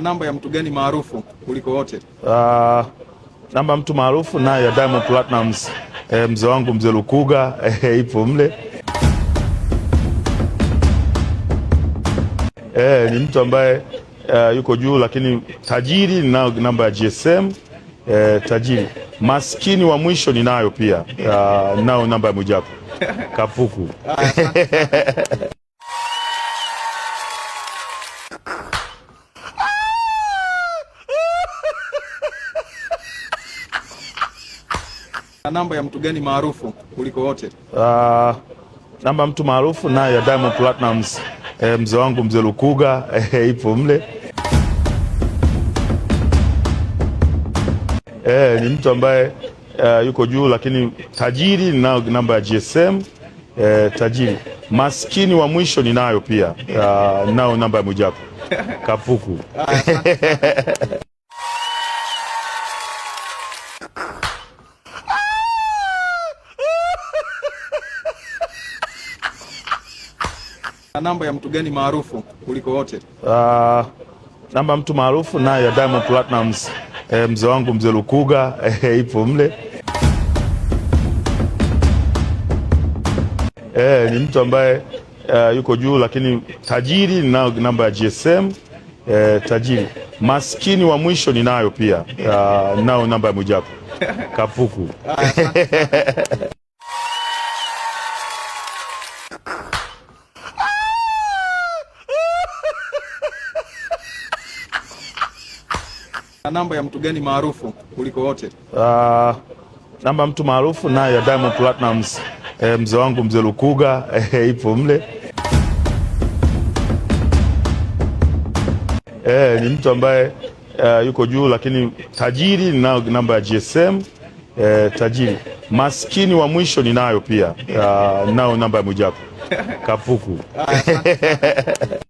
Namba ya mtu gani maarufu kuliko wote? Uh, namba mtu maarufu nayo ya Diamond Platnumz eh, mzee wangu mzee Lukuga eh, ipo mle eh, ni mtu ambaye uh, yuko juu, lakini tajiri ninayo namba ya GSM eh, tajiri. Maskini wa mwisho ninayo pia uh, nao namba ya Mwijaku Kapuku ah, Namba ya mtu gani maarufu kuliko wote? Uh, namba mtu maarufu nayo ya Diamond Platnumz eh, mzee wangu mzee Lukuga eh, ipo mle eh, ni mtu ambaye uh, yuko juu, lakini tajiri ninayo namba ya GSM eh, tajiri. Maskini wa mwisho ninayo pia uh, nao namba ya Mwijaku Kapuku ah, Namba ya mtu gani maarufu kuliko wote? Uh, namba mtu maarufu nayo ya Diamond Platnumz eh, mzee wangu mzee Lukuga eh, ipo mle eh, ni mtu ambaye uh, yuko juu, lakini tajiri na namba ya GSM eh, tajiri. Maskini wa mwisho ninayo pia uh, nao namba ya Mwijaku Kapuku ah, Namba ya mtu gani maarufu kuliko wote? Uh, namba mtu maarufu nayo ya Diamond Platnumz eh, mzee wangu mzee Lukuga eh, ipo mle eh, ni mtu ambaye uh, yuko juu, lakini tajiri ninayo namba ya GSM eh, tajiri. Maskini wa mwisho ninayo pia uh, nao namba ya Mwijaku Kapuku ah,